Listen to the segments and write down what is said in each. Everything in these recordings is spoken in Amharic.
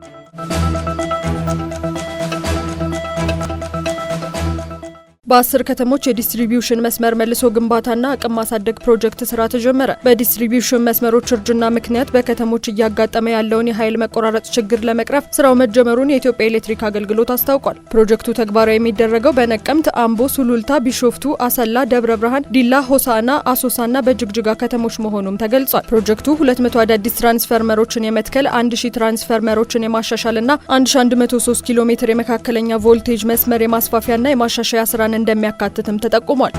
Thank you. በአስር ከተሞች የዲስትሪቢዩሽን መስመር መልሶ ግንባታና አቅም ማሳደግ ፕሮጀክት ስራ ተጀመረ። በዲስትሪቢዩሽን መስመሮች እርጅና ምክንያት በከተሞች እያጋጠመ ያለውን የኃይል መቆራረጥ ችግር ለመቅረፍ ስራው መጀመሩን የኢትዮጵያ ኤሌክትሪክ አገልግሎት አስታውቋል። ፕሮጀክቱ ተግባራዊ የሚደረገው በነቀምት፣ አምቦ፣ ሱሉልታ፣ ቢሾፍቱ፣ አሰላ፣ ደብረ ብርሃን፣ ዲላ፣ ሆሳና፣ አሶሳና በጅግጅጋ ከተሞች መሆኑም ተገልጿል። ፕሮጀክቱ 200 አዳዲስ ትራንስፈርመሮችን የመትከል 1000 ትራንስፈርመሮችን የማሻሻልና 1103 ኪሎ ሜትር የመካከለኛ ቮልቴጅ መስመር የማስፋፊያና የማሻሻያ ስራን እንደሚያካትትም ተጠቁሟል።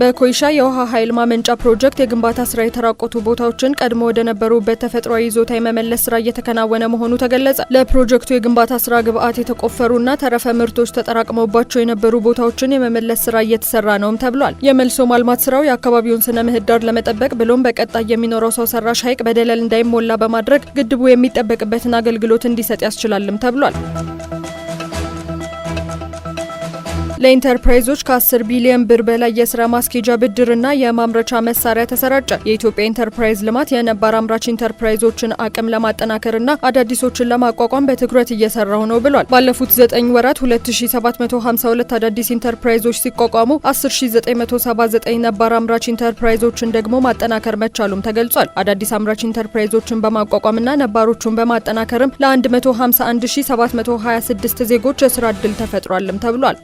በኮይሻ የውሃ ኃይል ማመንጫ ፕሮጀክት የግንባታ ስራ የተራቆቱ ቦታዎችን ቀድሞ ወደ ነበሩበት ተፈጥሯዊ ይዞታ የመመለስ ስራ እየተከናወነ መሆኑ ተገለጸ። ለፕሮጀክቱ የግንባታ ስራ ግብዓት የተቆፈሩና ተረፈ ምርቶች ተጠራቅመውባቸው የነበሩ ቦታዎችን የመመለስ ስራ እየተሰራ ነውም ተብሏል። የመልሶ ማልማት ስራው የአካባቢውን ስነ ምህዳር ለመጠበቅ ብሎም በቀጣይ የሚኖረው ሰው ሰራሽ ሐይቅ በደለል እንዳይሞላ በማድረግ ግድቡ የሚጠበቅበትን አገልግሎት እንዲሰጥ ያስችላልም ተብሏል። ለኢንተርፕራይዞች ከ10 ቢሊዮን ብር በላይ የስራ ማስኬጃ ብድርና የማምረቻ መሳሪያ ተሰራጨ። የኢትዮጵያ ኢንተርፕራይዝ ልማት የነባር አምራች ኢንተርፕራይዞችን አቅም ለማጠናከርና አዳዲሶችን ለማቋቋም በትኩረት እየሰራው ነው ብሏል። ባለፉት 9 ወራት 2752 አዳዲስ ኢንተርፕራይዞች ሲቋቋሙ 10979 ነባር አምራች ኢንተርፕራይዞችን ደግሞ ማጠናከር መቻሉም ተገልጿል። አዳዲስ አምራች ኢንተርፕራይዞችን በማቋቋምና ነባሮቹን በማጠናከርም ለ151726 ዜጎች የስራ እድል ተፈጥሯልም ተብሏል።